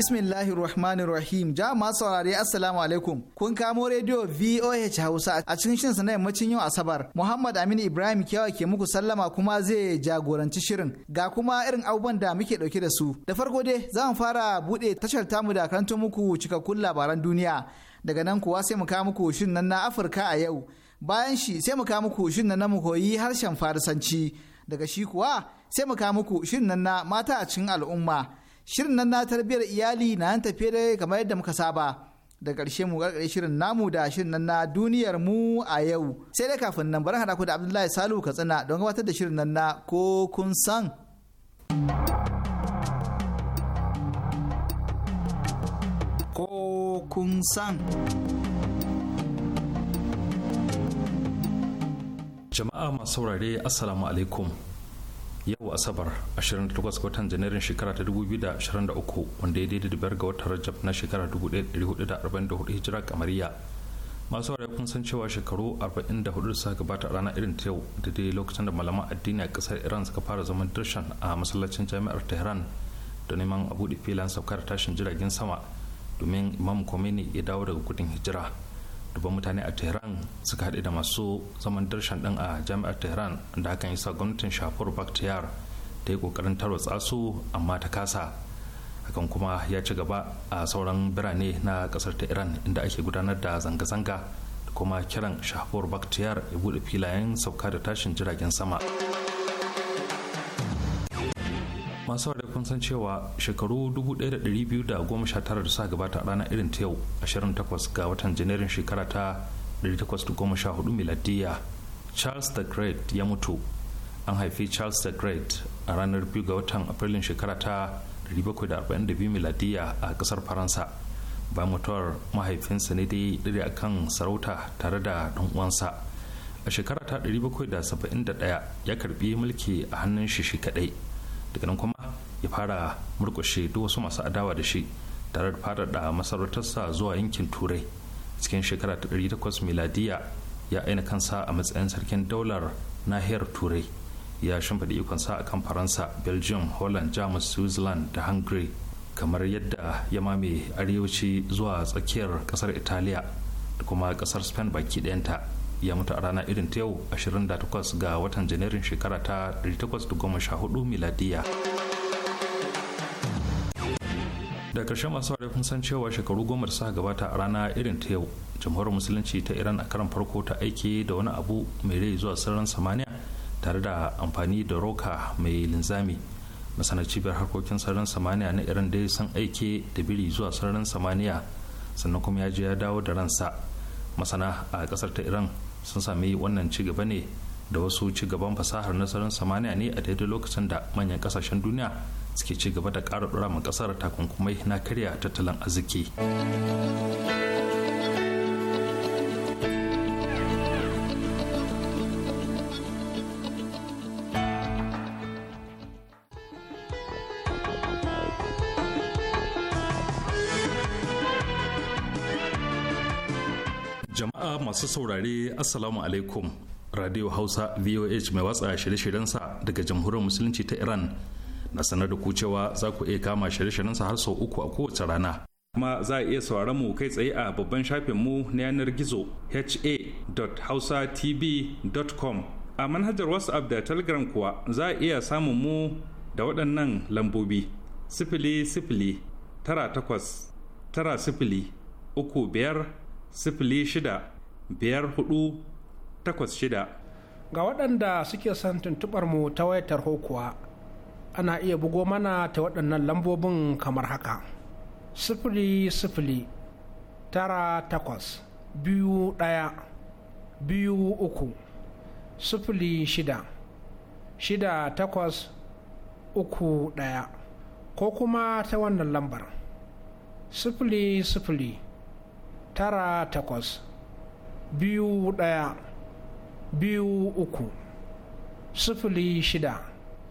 Bismillahir Rahmanir Rahim. Ja masu saurare Assalamu alaikum. Kun kamo rediyo VOH Hausa a cikin shirin na yammacin yau Asabar. Muhammad Aminu Ibrahim kyawa ke muku sallama kuma zai jagoranci shirin. Ga kuma irin abubuwan da muke dauke da su. Da farko dai za mu fara bude tashar tamu da karanto muku cikakkun labaran duniya. Daga nan kuwa sai mu kawo muku shirin nan na Afirka a yau. Bayan shi sai mu kawo muku shirin nan na mu koyi harshen Farisanci. Daga shi kuwa sai mu kawo muku shirin nan na mata a cikin al'umma. shirin nan na tarbiyyar iyali na yan tafiye da kamar yadda muka saba da ƙarshe mu ƙarƙare shirin namu da shirin nan na duniyar mu a yau sai dai kafin nan bari hada ku da abdullahi salu katsina don gabatar da shirin nan na ko kun san ko kun san jama'a masu saurare assalamu alaikum yau asabar 28 watan janairun shekara ta 2023 wanda ya daidai da bayar ga watan rajab na shekara 1444 hijira kamariya masu wari kun san cewa shekaru 44 suka gabata a ranar irin ta yau da dai lokacin da malaman addini a kasar iran suka fara zaman dirshan a masallacin jami'ar tehran da neman a buɗe filan saukar tashin jiragen sama domin imam khomeini ya dawo daga kudin hijira dubban mutane a tehran suka haɗe da masu zaman darshan ɗin a jami'ar tehran da hakan sa gwamnatin shafur bakhtiyar ta yi ƙoƙarin tarwatsa su amma ta kasa hakan kuma ya ci gaba a sauran birane na ƙasar ta iran inda ake gudanar da zanga-zanga da kuma kiran shafur bakhtiyar ya buɗe filayen sauka da tashin jiragen sama. masu wadda kun san cewa shekaru 1219 da suka gabata a ranar irin ta yau 28 ga watan janairun shekara ta 1814 miladiyya charles the great ya mutu an haifi charles the great a ranar 2 ga watan afrilun shekara ta 1742 miladiyya a kasar faransa bayan mutuwar mahaifinsa ne dai dare akan sarauta tare da ɗan uwansa a shekara ta 1771 ya karbi mulki a hannun shi shi kadai daga nan kuma ya fara murkushe duk wasu masu adawa da shi tare da faɗaɗa masarautarsa zuwa yankin turai cikin shekara ta ɗari 800 miladiya ya aina kansa a matsayin sarkin daular nahiyar turai ya shimfiɗa ikonsa a kan faransa belgium holland jamus switzerland da hungary kamar yadda ya mame arewaci zuwa tsakiyar kasar italiya da kuma kasar spain baki ɗayanta ya mutu a rana irin ta yau 28 ga watan janairun shekara ta 1814 miladiya. da ƙarshen masu ware kun san cewa shekaru goma da suka gabata a rana irin ta yau jamhuriyar musulunci ta iran a karan farko ta aiki da wani abu mai rai zuwa sararin samaniya tare da amfani da roka mai linzami masana cibiyar harkokin sararin samaniya na iran dai sun aike da biri zuwa sararin samaniya sannan kuma ya je ya dawo da ransa masana a kasar ta iran sun sami wannan ci gaba ne da wasu ci gaban fasahar nasarar samaniya ne a daidai lokacin da manyan kasashen duniya suke ci gaba da ƙara ɗora ma ƙasar takunkumai na karya tattalin arziki. jama'a masu saurare assalamu alaikum radio hausa voh mai watsa shirye-shiryensa daga jamhuriyar musulunci ta iran na sanar da ku cewa za ku iya kama shirye-shiryen sa har sau uku a kowace rana kuma za a iya sauraron mu kai tsaye a babban shafin mu na yanar gizo ha.hausa.tv.com a manhajar whatsapp da telegram kuwa za a iya samun mu da waɗannan lambobi sifili sifili tara takwas tara sifili uku biyar sifili shida biyar hudu takwas shida ga waɗanda suke son tuntuɓar mu ta wayar tarho kuwa ana iya bugo mana ta waɗannan lambobin kamar haka sifili sifili tara takwas biyu ɗaya biyu uku sifili shida shida takwas uku ɗaya ko kuma ta wannan lambar sifili sifili tara takwas biyu ɗaya biyu uku sifili shida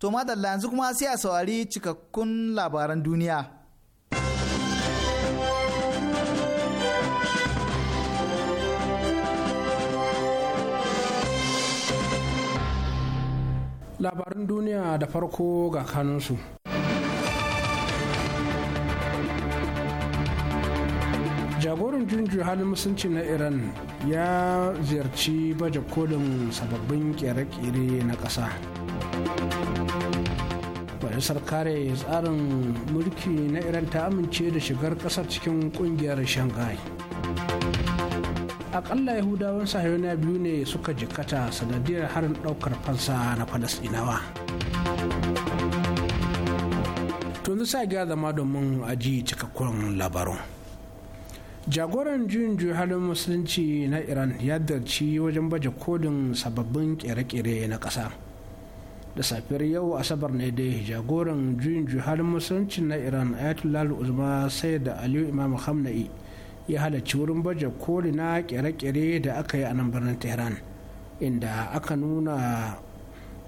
To madalla yanzu kuma sai a saurari cikakkun labaran duniya. Labaran duniya da farko ga kanunsu. jagoran junju halin musulunci na iran ya ziyarci baje kolin sababbin kere-kere na ƙasa. majalisar kare tsarin mulki na iran ta amince da shigar kasar cikin kungiyar shanghai akalla yahudawan sahiyona biyu ne suka jikata sanadiyar harin daukar fansa na falasdinawa tunzu sa gya zama domin aji cikakkun labarun jagoran juyin halin musulunci na iran ya darci wajen baje kodin sababbin kere-kere na ƙasa. da safiyar yau asabar ne dai jagoran juyin halin musulunci na iran ayatollah uzma sai da aliyu imam hamna'i ya halarci wurin baje koli na kere-kere da aka yi a nan birnin tehran inda aka nuna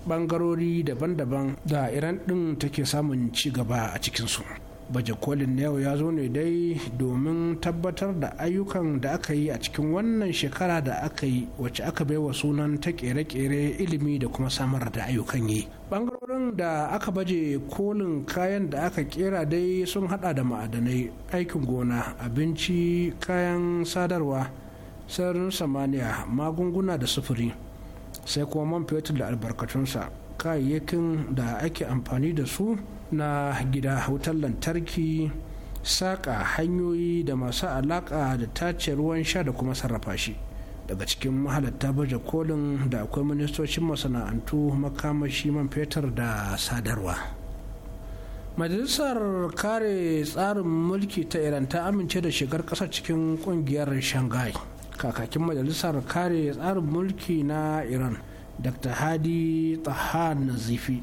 bangarori daban-daban da iran din take samun ci gaba a cikinsu. baje kolin na yau ya zo ne dai domin tabbatar da ayyukan da aka yi a cikin wannan shekara da aka yi wacce aka bai wa sunan ta kere-kere ilimi da kuma samar da ayyukan yi bangarorin da aka baje kolin kayan da aka kera dai sun hada da ma'adanai aikin gona abinci kayan sadarwa sararin samaniya magunguna da sufuri sai kuma man fetur da albarkatunsa kayayyakin da ake amfani da su na gida wutar lantarki saƙa hanyoyi da masu alaƙa da tace ruwan sha da kuma sarrafa shi daga cikin mahalatta baje kolin da akwai ministocin masana'antu makamashi man fetur da sadarwa majalisar kare tsarin mulki ta iran ta amince da shigar ƙasar cikin ƙungiyar shanghai kakakin majalisar kare tsarin mulki na iran dr hadi tsaha nazifi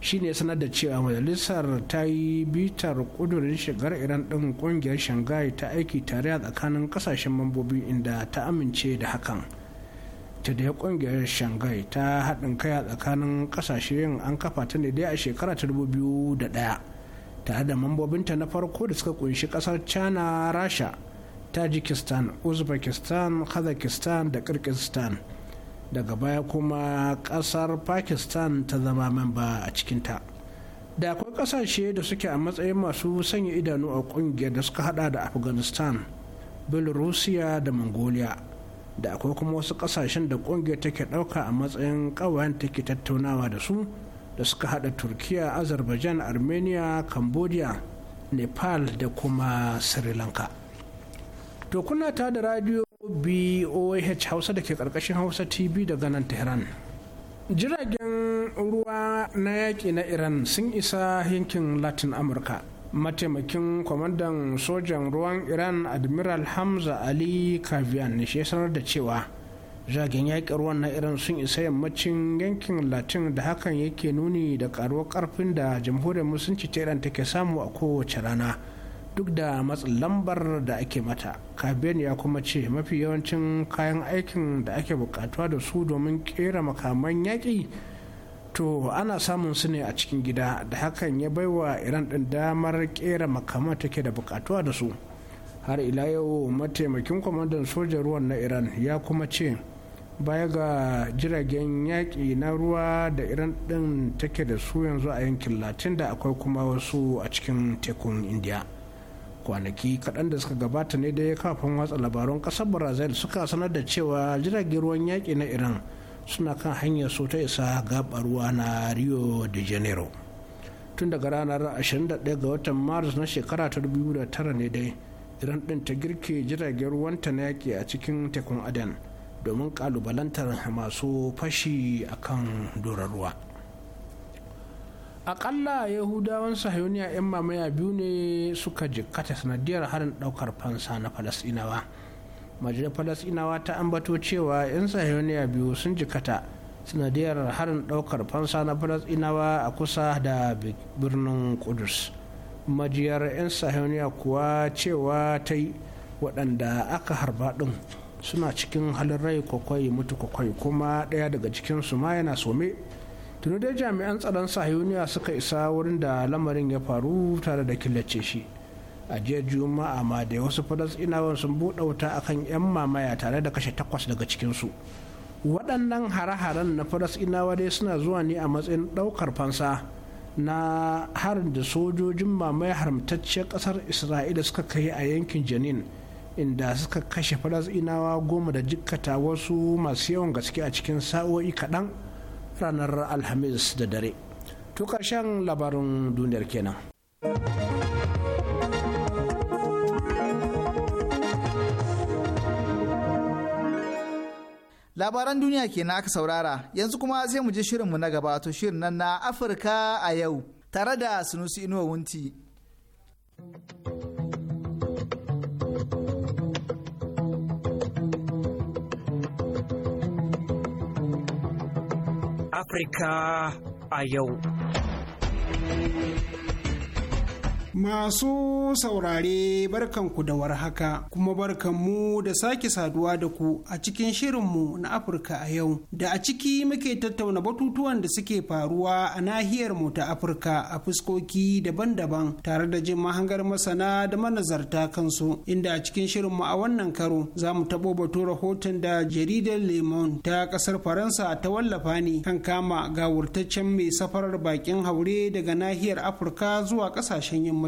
shine sanar da cewa majalisar ta yi bitar kudurin shigar iran din ƙungiyar shanghai ta aiki tare a tsakanin ƙasashen mambobi inda ta amince da hakan ta da ƙungiyar shanghai ta haɗin kai a tsakanin ƙasashe an kafa ta ne dai a shekara ta ɗaya tare da mambobinta na farko da suka kunshi ƙasar china rasha tajikistan uzbekistan kazakistan da kirkistan daga baya kuma ƙasar pakistan ta zama memba a cikinta da akwai ƙasashe da suke a matsayin masu sanya idanu a ƙungiyar da suka hada da afghanistan belarusia da mongolia da akwai kuma wasu kasashen da kungiyar take dauka a matsayin kawayen take tattaunawa da su da suka hada turkiya azerbaijan armenia cambodia nepal da kuma sri lanka to kuna ta da radio boh hausa da ke ƙarƙashin hausa tv daga nan tehran jiragen ruwa na yaƙi na iran sun isa yankin latin amurka mataimakin kwamandan sojan ruwan iran admiral hamza ali kavian ne shi sanar da cewa jiragen yaƙin ruwan na iran sun isa yammacin yankin latin da hakan yake nuni da ƙaruwar karfin da jamhuriyar musulunci ta iran take samu a kowace rana duk da matsin lambar da ake mata kabin ya kuma ce mafi yawancin kayan aikin da ake bukatuwa da su domin kera makaman yaƙi to ana samun su ne a cikin gida da hakan ya baiwa iran ɗin damar kera makaman take da bukatuwa da su har ila yau mataimakin kwamandan sojan ruwan na iran ya kuma ce baya ga jiragen yaƙi na ruwa da iran ɗin take da su yanzu a yankin latin da akwai kuma wasu a cikin tekun indiya kwanaki kaɗan da suka gabata ne da ya kafin watsa labarun ƙasar brazil suka sanar da cewa jiragen ruwan yaƙi na iran suna kan hanyar so ta isa gaɓar ruwa na rio de janeiro tun daga ranar 21 ga watan maris na shekara ta 2009 ne dai iran ɗin ta girke jiragen ruwanta na yaƙi a cikin tekun aden domin ƙalubalantar masu fashi akan kan ruwa. akalla yahudawan sahayoniya 'yan mamaya biyu ne suka jikata sanadiyar harin daukar fansa na falasinawa majalisar falasinawa ta ambato cewa 'yan sahayoniya biyu sun jikata sanadiyar harin daukar fansa na falasinawa a kusa da birnin kudus majiyar 'yan sahayoniya kuwa cewa ta yi waɗanda aka harba ɗin suna cikin halin rai kwakwai mutu kwakwai kuma ɗaya daga cikinsu ma yana some tuni dai jami'an tsaron sahiyuniya suka isa wurin da lamarin ya faru tare da killace shi a jiya juma'a ma da wasu falasɗinawan sun buɗe wuta akan 'yan mamaya tare da kashe takwas daga cikinsu waɗannan hare-haren na inawa dai suna zuwa ne a matsayin ɗaukar fansa na harin da sojojin mamaye haramtacciyar ƙasar isra'ila suka kai a yankin janin inda suka kashe inawa goma da jikkata wasu masu yawan gaske a cikin sa'o'i kaɗan ranar alhamis da dare to karshen labarin duniyar kenan labaran duniya kenan aka saurara yanzu kuma sai mu je shirinmu na gaba to shirin nan na afirka a yau tare da sunusi inuwa wunti. afrika a yau. Masu saurare barkanku da warhaka kuma barkanmu da sake saduwa da ku a cikin shirinmu na Afirka a yau da a ciki muke tattauna batutuwan da suke faruwa a nahiyar mu ta Afirka a fuskoki daban-daban tare da jin mahangar masana da manazarta kansu inda a cikin shirinmu a wannan karo za mu taɓo batu rahoton da jaridar lemon ta ƙasar Faransa ta wallafa ne kan kama gawurtaccen mai safarar baƙin haure daga nahiyar Afirka zuwa ƙasashen yamma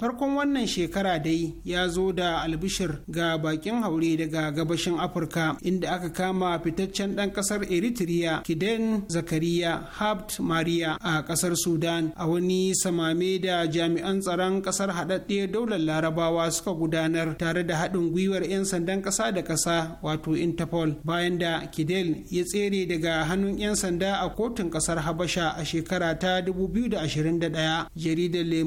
farkon wannan shekara dai ya zo da albishir ga bakin haure daga gabashin afirka inda aka kama fitaccen dan kasar eritrea kiden zakariya habt maria a kasar sudan a wani samame da jami'an tsaron kasar haɗaɗɗe daular larabawa suka gudanar tare da haɗin gwiwar 'yan sandan ƙasa da ƙasa wato interpol bayan da kidel ya tsere daga hannun 'yan sanda a kotun ƙasar habasha a shekara ta 2021 jaridar le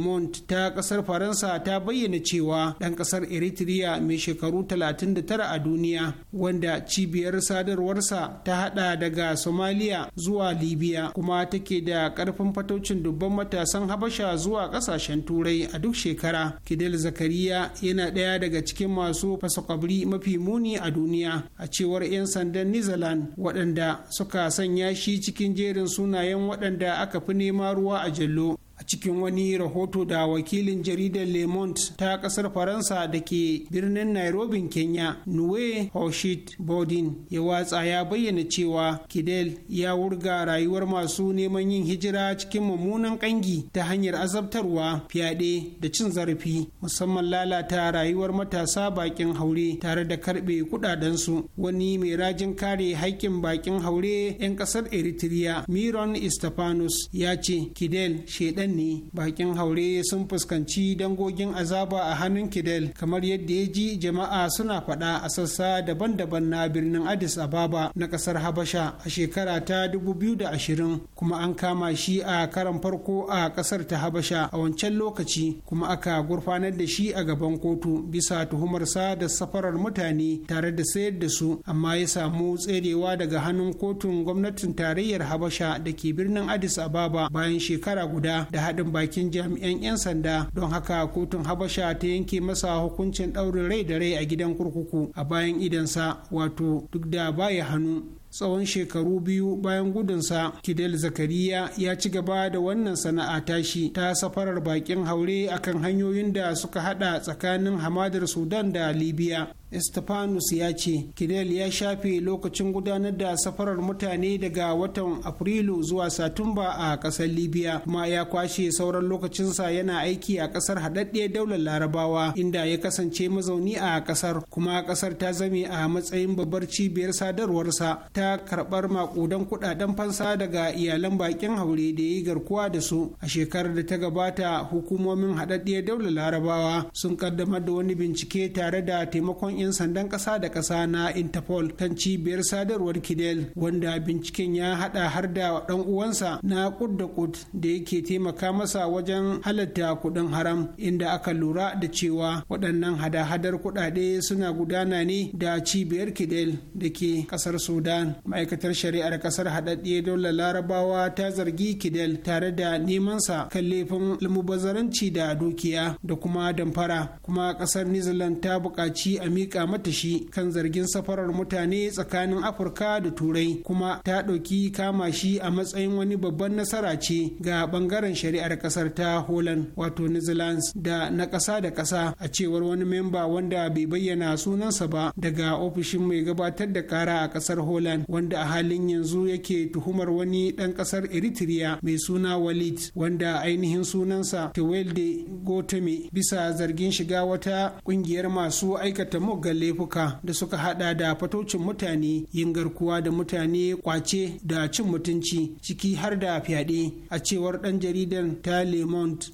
ta ƙasar faransa Faransa ta bayyana cewa ɗan ƙasar Eritrea mai shekaru 39 a duniya wanda cibiyar sadarwarsa ta haɗa daga Somalia zuwa Libya kuma take da ƙarfin fatocin dubban matasan Habasha zuwa ƙasashen Turai a duk shekara. Kidal Zakariya yana ɗaya daga cikin masu fasakwabri mafi muni a duniya a cewar 'yan sandan nizaland waɗanda suka sanya shi cikin jerin sunayen waɗanda aka fi nema ruwa a jallo a cikin wani rahoto da wakilin jaridar le monde ta kasar faransa da ke birnin nairobi kenya nuwe hoshit bodin ya watsa ya bayyana cewa kidel ya wurga rayuwar masu neman yin hijira cikin mummunan kangi ta hanyar azabtarwa fyaɗe da cin zarafi musamman lalata rayuwar matasa bakin haure tare da karɓe kuɗaɗensu wani mai rajin kare haƙƙin bakin haure 'yan ƙasar eritrea miron istafanus ya ce kidel shaidan ne bakin haure sun fuskanci dangogin azaba a hannun kidal kamar yadda ya ji jama'a suna faɗa a sassa daban-daban na birnin addis ababa na ƙasar habasha a shekara ta 2020 kuma an kama shi a karan farko a ƙasar ta habasha a wancan lokaci kuma aka gurfanar da shi a gaban kotu bisa tuhumarsa da safarar mutane tare da sayar da su amma ya samu tserewa daga hannun kotun gwamnatin tarayyar habasha da ke birnin addis ababa bayan shekara guda da haɗin bakin jami'an 'yan sanda don haka kotun habasha ta yanke masa hukuncin ɗaurin rai da rai a gidan kurkuku a bayan idansa wato duk da baya hannu tsawon shekaru biyu bayan gudunsa kidal zakariya ya ci gaba da wannan sana'a tashi ta safarar bakin haure akan hanyoyin da suka hada tsakanin hamadar sudan da libya Stephanus ya ce, Kidel ya shafe lokacin gudanar da safarar mutane daga watan Afrilu zuwa Satumba a ƙasar Libya, kuma ya kwashe sauran lokacinsa yana aiki a ƙasar haɗaɗɗiyar daular Larabawa, inda ya kasance mazauni a ƙasar, kuma ƙasar ta zame a matsayin babbar cibiyar sadarwarsa ta karɓar maƙudan kuɗaɗen fansa daga iyalan baƙin haure da ya yi garkuwa da su. A shekarar da ta gabata, hukumomin haɗaɗɗiyar daular Larabawa sun ƙaddamar da wani bincike tare da taimakon 'yan sandan kasa da kasa na interpol kan cibiyar sadarwar kidel wanda binciken ya haɗa har da ɗan uwansa na kud da kud da yake taimaka masa wajen halatta kuɗin haram inda aka lura da cewa waɗannan hada-hadar kuɗaɗe suna gudana ne da cibiyar kidel da ke ƙasar sudan ma'aikatar shari'ar ƙasar haɗaɗɗe dole larabawa ta zargi kidel tare da neman sa kan laifin almubazzaranci da dukiya da kuma damfara kuma ƙasar new zealand ta buƙaci a mika mata shi kan zargin safarar mutane tsakanin afirka da turai kuma ta ɗauki kama shi a matsayin wani babban nasara ce ga bangaren shari'ar ƙasar ta holland wato netherlands da na ƙasa da ƙasa a cewar wani memba wanda bai bayyana sunansa ba daga ofishin mai gabatar da ƙara a ƙasar holland wanda a halin yanzu yake tuhumar wani ɗan ƙasar eritrea mai suna walid wanda ainihin sunansa tewelde gotame bisa zargin shiga wata ƙungiyar masu aikata muggan laifuka da suka hada da fatocin mutane yin garkuwa da mutane kwace da cin mutunci ciki har da fyaɗe a cewar ɗan jaridar ta le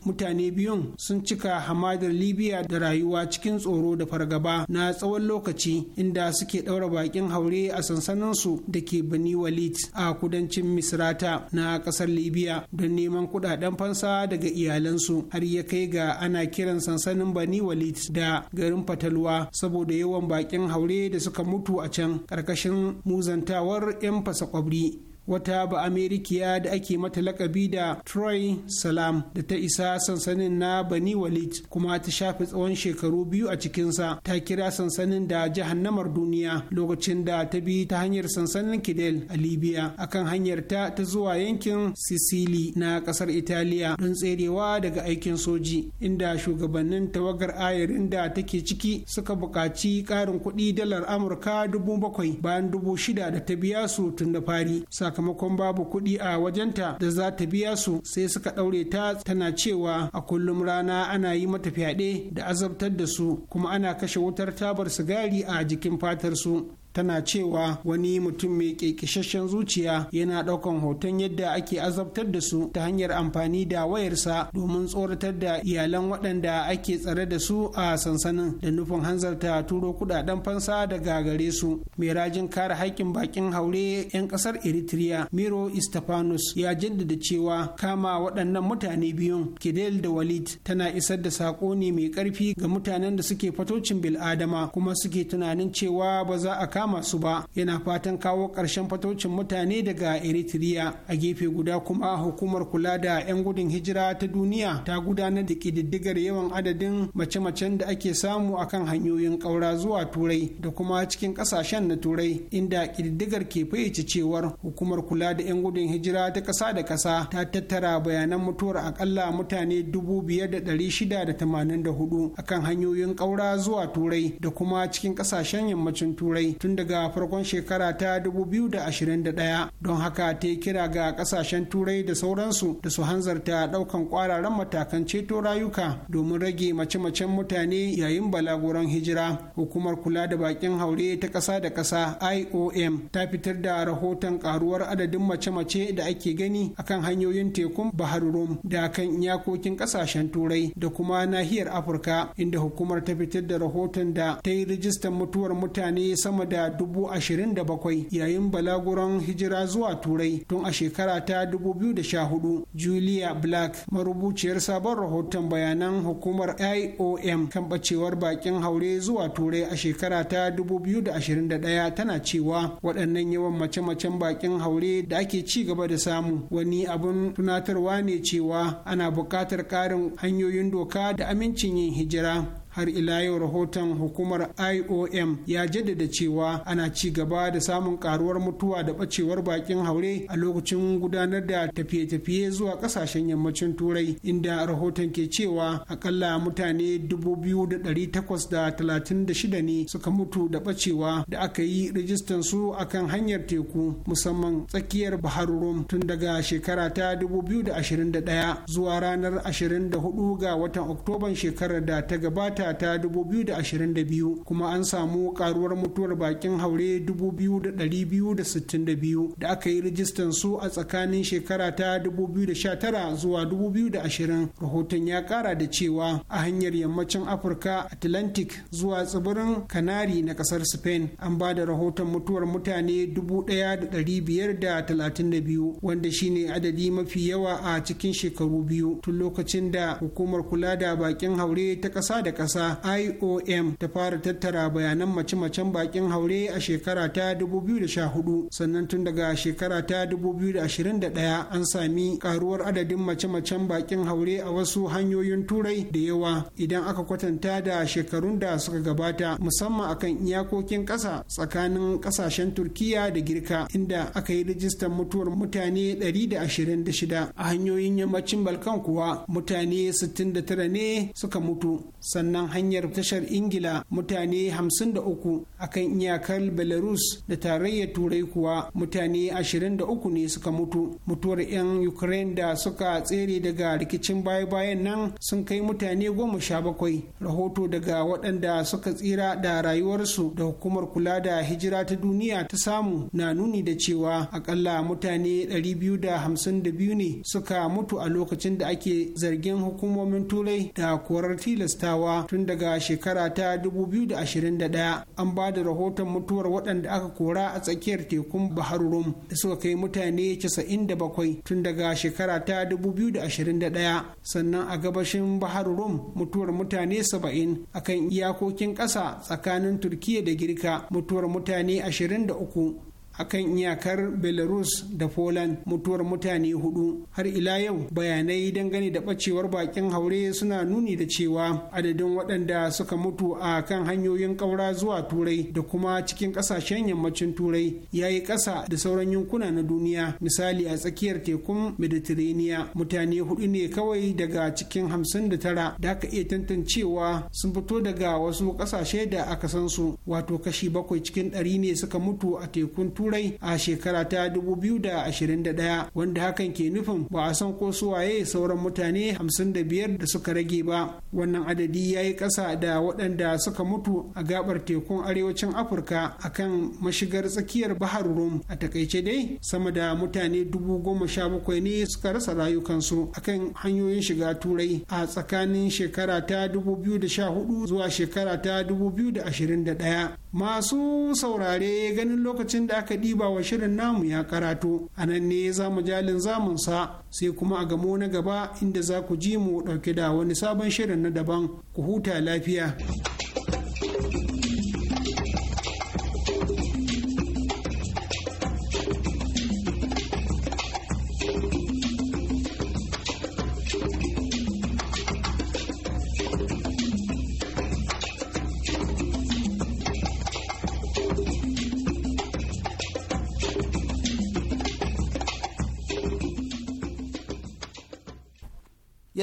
mutane biyun sun cika hamadar libya da rayuwa cikin tsoro da fargaba na tsawon lokaci inda suke ɗaura bakin haure a sansaninsu da ke bani walid a kudancin misrata na ƙasar libya don neman kuɗaɗen fansa daga iyalansu har ya kai ga ana kiran sansanin bani walid da garin fatalwa saboda da yawan bakin haure da suka mutu a can karkashin muzantawar 'yan fasa kwabri wata ba amerikiya da ake mata lakabi da troy salam da ta isa sansanin na bani walid kuma ta shafi tsawon shekaru biyu a cikinsa ta kira sansanin da jahannamar duniya lokacin da ta bi ta hanyar sansanin kidel a libya akan hanyar ta ta zuwa yankin sicily na kasar italiya don tserewa daga aikin soji inda shugabannin tawagar ayarin da take ciki suka buƙaci ƙarin kuɗi dalar amurka dubu bakwai bayan dubu shida da ta biya su tun da fari sakamakon babu kuɗi a wajenta da za ta biya su sai suka ɗaure ta tana cewa a kullum rana ana yi mata fyaɗe da azabtar da su kuma ana kashe wutar tabar sigari a jikin fatar su tana cewa wani mutum mai kekishashen zuciya yana ɗaukan hoton yadda ake azabtar da su ta hanyar amfani da wayarsa domin tsoratar da iyalan waɗanda ake tsare da su a sansanin da nufin hanzarta turo kuɗaɗen fansa daga gare su mai rajin kare haƙƙin baƙin haure 'yan ƙasar eritrea miro istafanus ya jaddada cewa kama waɗannan mutane biyun kidel da walid tana isar da saƙo ne mai ƙarfi ga mutanen da suke fatocin bil'adama kuma suke tunanin cewa ba za a kama kama ba yana fatan kawo ƙarshen fatocin mutane daga eritrea a gefe guda kuma hukumar kula da 'yan gudun hijira ta duniya ta gudanar da ƙididdigar yawan adadin mace-macen da ake samu akan hanyoyin ƙaura zuwa turai da kuma cikin ƙasashen na turai inda ƙididdigar ke fayyace cewar hukumar kula da 'yan gudun hijira ta ƙasa da ƙasa ta tattara bayanan mutuwar akalla mutane 5,684 akan hanyoyin ƙaura zuwa turai da kuma cikin ƙasashen yammacin turai tun daga farkon shekara ta 2021 don haka ta yi kira ga kasashen turai da sauransu da su hanzarta daukan kwararan matakan ceto rayuka domin rage mace-macen mutane yayin balaguran hijira hukumar kula da bakin haure ta kasa da kasa iom ta fitar da rahoton karuwar adadin mace-mace da ake gani akan hanyoyin tekun bahar rum da kan iyakokin kasashen turai da kuma nahiyar afirka inda hukumar ta fitar da rahoton da ta yi rijistar mutuwar mutane sama da da dubu ashirin da bakwai yayin balaguron hijira zuwa turai tun a shekara ta dubu biyu da sha hudu julia black marubuciyar sabon rahoton bayanan hukumar iom kan bacewar bakin haure zuwa turai a shekara ta dubu biyu da ashirin da daya tana cewa waɗannan yawan mace-macen bakin haure da ake ci gaba da samu wani abun tunatarwa ne cewa ana buƙatar ƙarin hanyoyin doka da amincin yin hijira har ila yau rahoton hukumar iom ya jaddada cewa ana ci gaba da samun karuwar mutuwa da bacewar bakin haure a lokacin gudanar da tafiye-tafiye zuwa kasashen yammacin turai inda rahoton ke cewa akalla mutane 2,836 ne suka mutu da bacewa da aka yi rijistan su akan hanyar teku musamman tsakiyar bahar rum tun daga shekara ta 2021 zuwa ranar 24 ga watan oktoban shekarar da ta gabata ta 2022 kuma an samu karuwar mutuwar bakin haure 2,262 da aka yi rijistan su a tsakanin shekara ta 2019 zuwa 2020 rahoton ya kara da cewa a hanyar yammacin afirka atlantic zuwa tsibirin kanari na kasar spain an ba da rahoton mutuwar mutane 1,532 wanda shine adadi mafi yawa a cikin shekaru biyu tun lokacin da hukumar kula da bakin haure ta ƙasa da ƙasa ƙasa IOM ta fara tattara bayanan mace-macen bakin haure a shekara ta 2014 sannan tun daga shekara ta 2021 an sami karuwar adadin mace-macen bakin haure a wasu hanyoyin turai da yawa idan aka kwatanta da shekarun da suka gabata musamman akan iyakokin ƙasa tsakanin ƙasashen Turkiya da Girka inda aka yi rijistar mutuwar mutane 126 a hanyoyin yammacin Balkan kuwa mutane 69 ne suka mutu sannan nan hanyar tashar ingila mutane 53 kan iyakar belarus da tarayyar turai kuwa mutane 23 ne suka mutu mutuwar 'yan ukraine da suka tsere daga rikicin baya-bayan nan sun kai mutane 17 rahoto daga waɗanda suka tsira da rayuwarsu da hukumar kula da hijira ta duniya ta samu na nuni da cewa akalla mutane 252 ne suka mutu a lokacin da ake zargin hukumomin turai da korar tilastawa tun daga shekara ta 2021 an ba da rahoton mutuwar waɗanda aka kora a tsakiyar tekun bahar rum da suka kai mutane 97 tun daga shekara ta 2021 sannan a gabashin bahar rum mutuwar mutane 70 akan iyakokin ƙasa tsakanin turkiya da girka mutuwar mutane 23 akan iyakar belarus da poland mutuwar mutane hudu har ila yau bayanai dangane da bacewar bakin haure suna nuni da cewa adadin waɗanda suka mutu a kan hanyoyin ƙaura zuwa turai da kuma cikin ƙasashen yammacin turai ya yi ƙasa da sauran yankuna na duniya misali a tsakiyar tekun mediterania mutane hudu ne kawai daga cikin hamsin da tara da aka iya tantancewa sun fito daga wasu ƙasashe da aka san su wato kashi bakwai cikin ɗari ne suka mutu a tekun turai turai a shekara ta 2021 wanda hakan ke nufin ba a san ko su waye sauran mutane 55 da suka rage ba wannan adadi ya yi ƙasa da waɗanda suka mutu a gabar tekun arewacin afirka a kan mashigar tsakiyar bahar rum a takaice dai sama da mutane 17,000 ne suka rasa rayukansu a kan hanyoyin shiga turai a tsakanin shekara ta 2014 zuwa shekara ta 2021 Masu saurare ganin lokacin da aka ɗiba wa shirin namu ya karatu, a nan ne za mu jalin zamunsa sai kuma a gamo na gaba inda za ku ji mu ɗauke da wani sabon shirin na daban ku huta lafiya.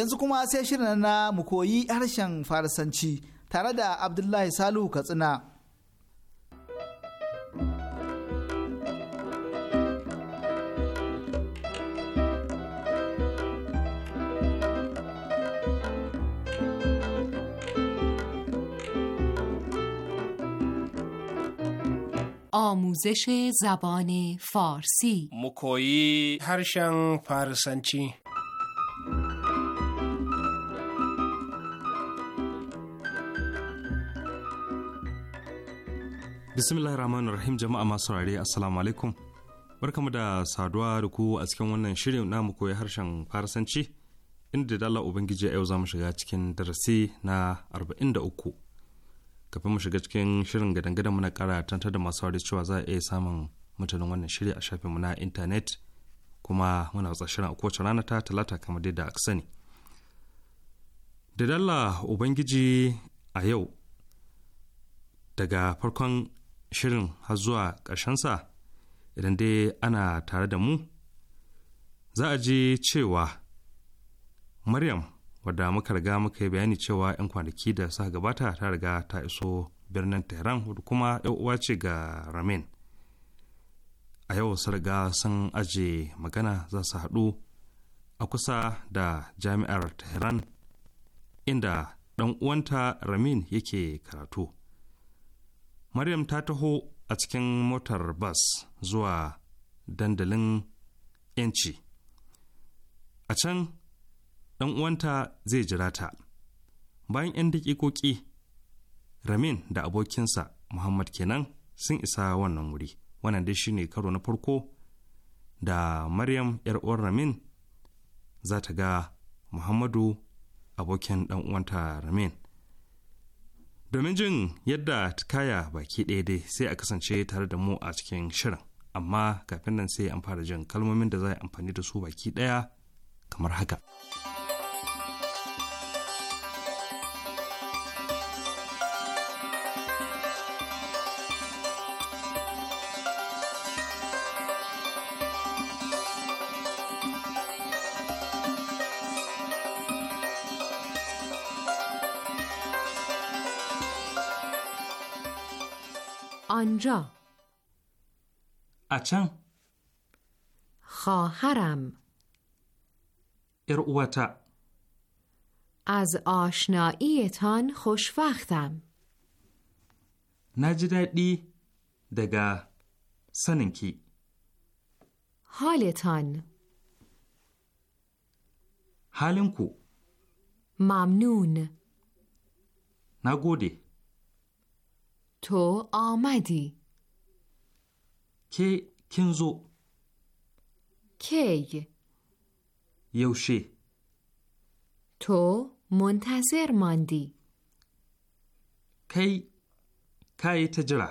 yanzu kuma sai shirin na mu koyi harshen farisanci tare da abdullahi salihu katsina آموزش زبان فارسی مکویی هرشن فارسنچی bismillahir rahmanir rahim jama'a masu rare assalamu alaikum barkamu da saduwa da ku a cikin wannan shirin namu koyi harshen farsanci inda da dala ubangiji yau za mu shiga cikin darasi na 43 kafin mu shiga cikin shirin gadan-gadan muna kara tantar da masu rare cewa za a iya samun mutanen wannan shiri a shafinmu na intanet kuma muna watsa shirin a kowace rana ta talata kamar dai da aka sani da dala ubangiji a yau daga farkon shirin har zuwa ƙarshensa idan dai ana tare da mu za a ji cewa maryam wadda muka riga muka yi bayani cewa 'yan kwanaki da suka gabata ta riga ta iso birnin tehran wadda kuma uwa ce ga ramin a yau su riga sun aje magana za su haɗu a kusa da jami'ar tehran inda ɗan uwanta ramin yake karatu maryam ta taho a cikin motar bas zuwa dandalin 'yanci a can ɗan uwanta zai jira ta bayan 'yan daƙiƙoƙi ramin da abokinsa muhammad kenan sun isa wannan wuri wannan dai shi ne karo na farko da maryam 'yar'uwar ramin za ta ga muhammadu abokin ɗan uwanta ramin domin jin yadda kaya baki ɗaya dai sai a kasance tare da mu a cikin shirin amma kafin nan sai an fara jin kalmomin da za a amfani da su baki ɗaya kamar haka. اینجا اچم خواهرم اروتا از آشناییتان خوشوقتم نجدی دگه سننکی حالتان حالنکو ممنون نگودی تو آمدی کی کنزو کی یوشی تو منتظر ماندی کی کی تجره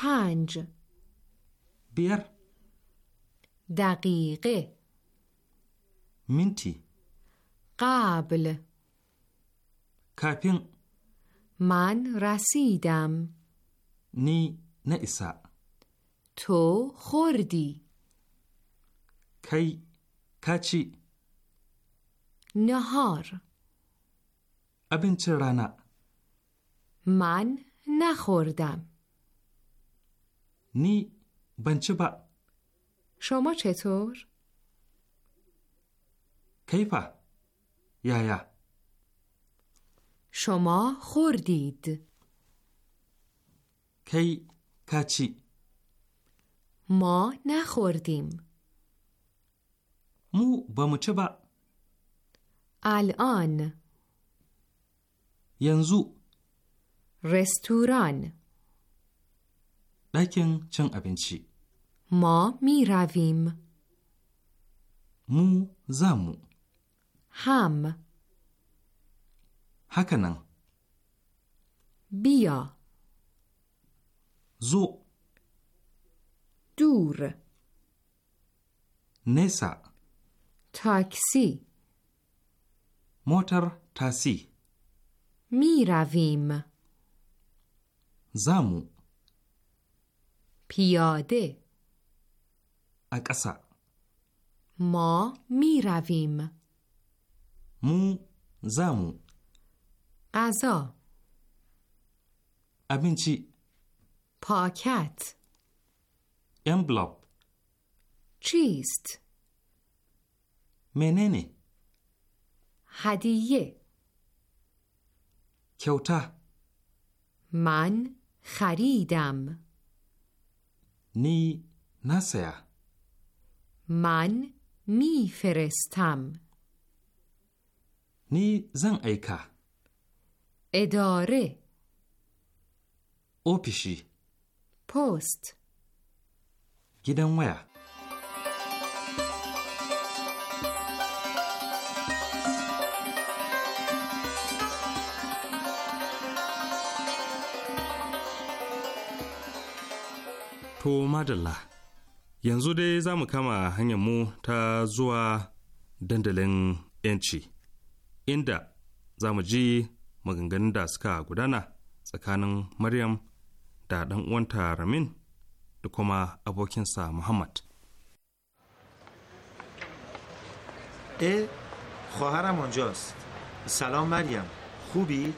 پنج بیر دقیقه منتی قابل کپین من رسیدم نی نئسا تو خوردی کی کچی نهار ابن چرانا من نخوردم نی بنچه با شما چطور؟ کیفه یا یا شما خوردید کی کچی ما نخوردیم مو با الان ینزو رستوران لیکن چن ابینچی ما می رویم مو زمو هم haka nan biya zo Tur! nesa taksi motar tasi miravim zamu piyade a ƙasa ma miravim mu zamu غذا چی؟ پاکت امبلاب چیست مننه هدیه کوتا من خریدم نی نسیا من میفرستم نی زن ایکا اداره ofishi. پست گیدن ویا To madalla, yanzu dai za mu kama hanyar mu ta zuwa dandalin 'yanci, inda za mu ji maganganun da suka gudana tsakanin maryam da ɗan uwanta ramin da kuma abokinsa muhammad اه خواهرم آنجاست سلام مریم خوبی؟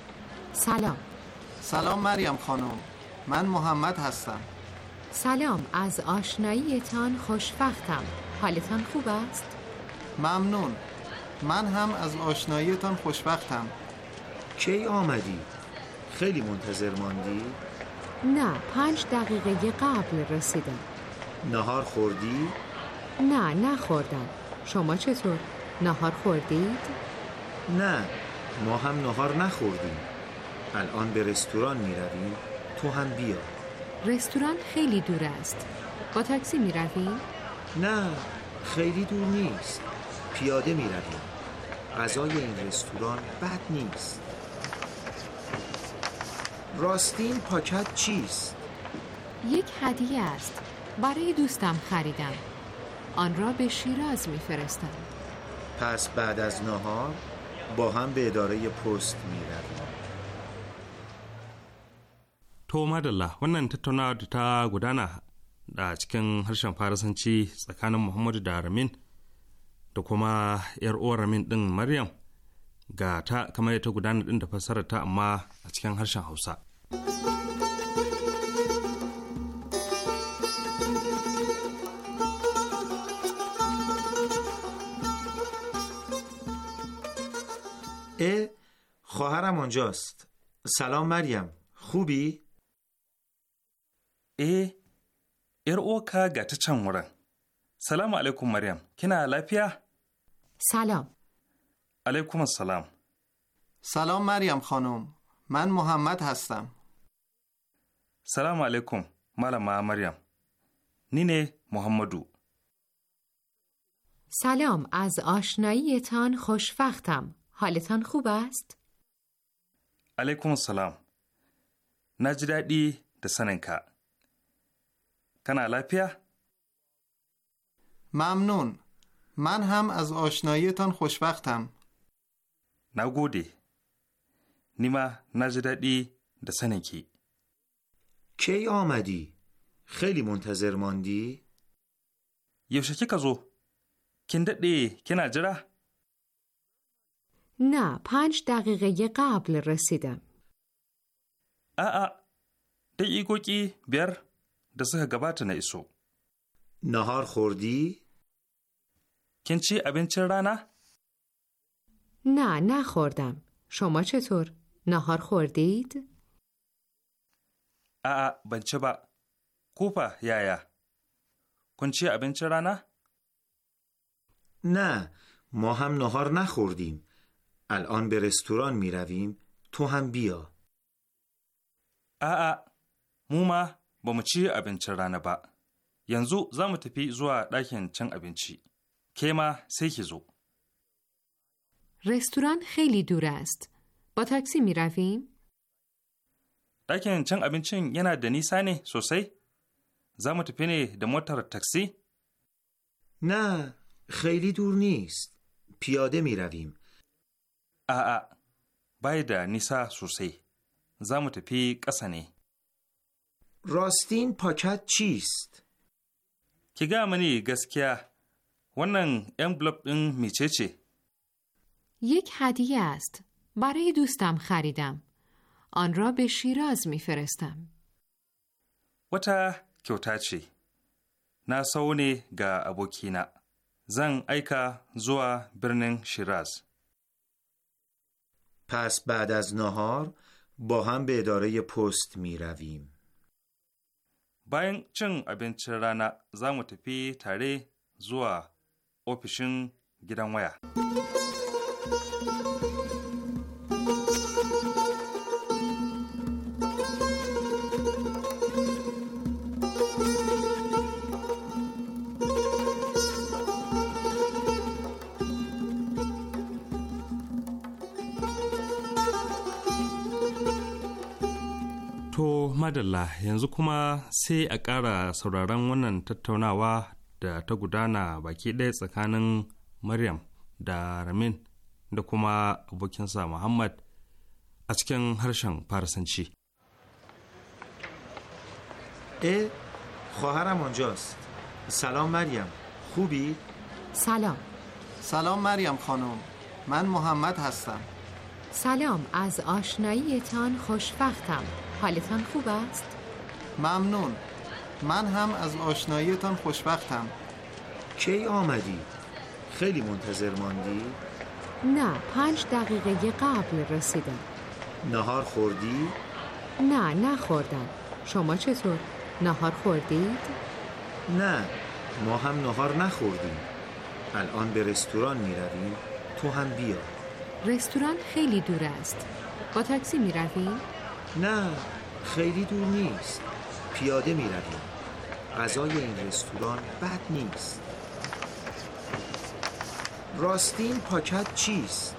سلام سلام مریم خانم من محمد هستم سلام از آشناییتان خوشبختم حالتان خوب است؟ ممنون من هم از آشناییتان خوشبختم کی آمدی؟ خیلی منتظر ماندی؟ نه پنج دقیقه قبل رسیدم نهار خوردی؟ نه نخوردم شما چطور؟ نهار خوردید؟ نه ما هم نهار نخوردیم الان به رستوران می تو هم بیا رستوران خیلی دور است با تاکسی می روی؟ نه خیلی دور نیست پیاده می رویم غذای این رستوران بد نیست راستین پاکت چیست؟ یک هدیه است برای دوستم خریدم آن را به شیراز میفرستم پس بعد از نهار با هم به اداره پست میرویم To madalla wannan tattaunawa da ta gudana da cikin harshen farasanci tsakanin Muhammadu da Ramin da kuma ‘yar uwar Ramin ɗin Maryam ga ta kamar ta gudana ɗin da fassara ta amma a cikin harshen Hausa. ا خواهرم اونجاست سلام مریم خوبی؟ ای ار اوکا گتا چن ورن سلام علیکم مریم کنا لافیا سلام علیکم السلام سلام مریم خانم من محمد هستم سلام علیکم ملما مریم نینه محمدو سلام از آشناییتان خوشفختم. حالتان خوب است؟ علیکم سلام نجدادی د saninka. کنا ممنون من هم از آشناییتان خوشفختم. نگودی نیما نجددی د سنکی کی آمدی؟ خیلی منتظر ماندی؟ یوشه که کزو؟ دی کنا جرا؟ نه پنج دقیقه قبل رسیدم آآ کی بیر دسته گبات نیسو نهار خوردی؟ کنچی ابین رانا؟ نه نخوردم شما چطور؟ نهار خوردید؟ آ آ ci با کوپا یایا یا چی ابن چرا نه؟ ما هم نهار نخوردیم الان به رستوران میرویم تو هم بیا آ موما با مچی چی ابن با ینزو زم تپی زوا داکن چن که ما سیکی زو رستوران خیلی دور است با تاکسی میرویم. ɗakin cin abincin yana da nisa ne sosai? Za mu tafi ne da motar taksi? Na, خیلی دور نیست. پیاده می رویم. آآ، da nisa sosai. Za mu tafi ƙasa ne. Rostin پاکت چیست؟ ki ga mani gaskiya wannan envelope ɗin mecece? یک هدیه است. برای دوستم خریدم. آن را به شیراز میفرستم. وتا kyauta ce, na sau ne ga abokina, zan aika zuwa birnin Shiraz. پس بعد از نهار با هم به اداره پست می رویم. bayan cin abincin rana za mu tafi tare zuwa ofishin gidan waya. madalla yanzu kuma sai a ƙara sauraron wannan tattaunawa da ta gudana baki ɗaya tsakanin Maryam da Ramin da kuma abokinsa Muhammad a cikin harshen Farisanci. اه e, خواهرم آنجاست سلام مریم خوبی؟ سلام سلام مریم خانم من محمد هستم سلام از آشناییتان خوشبختم حالتان خوب است؟ ممنون من هم از آشناییتان خوشبختم کی آمدی؟ خیلی منتظر ماندی؟ نه پنج دقیقه قبل رسیدم نهار خوردی؟ نه نخوردم شما چطور؟ نهار خوردید؟ نه ما هم نهار نخوردیم الان به رستوران می رویم تو هم بیا رستوران خیلی دور است با تاکسی می رویم؟ نه خیلی دور نیست پیاده می رویم غذای این رستوران بد نیست راستین پاکت چیست؟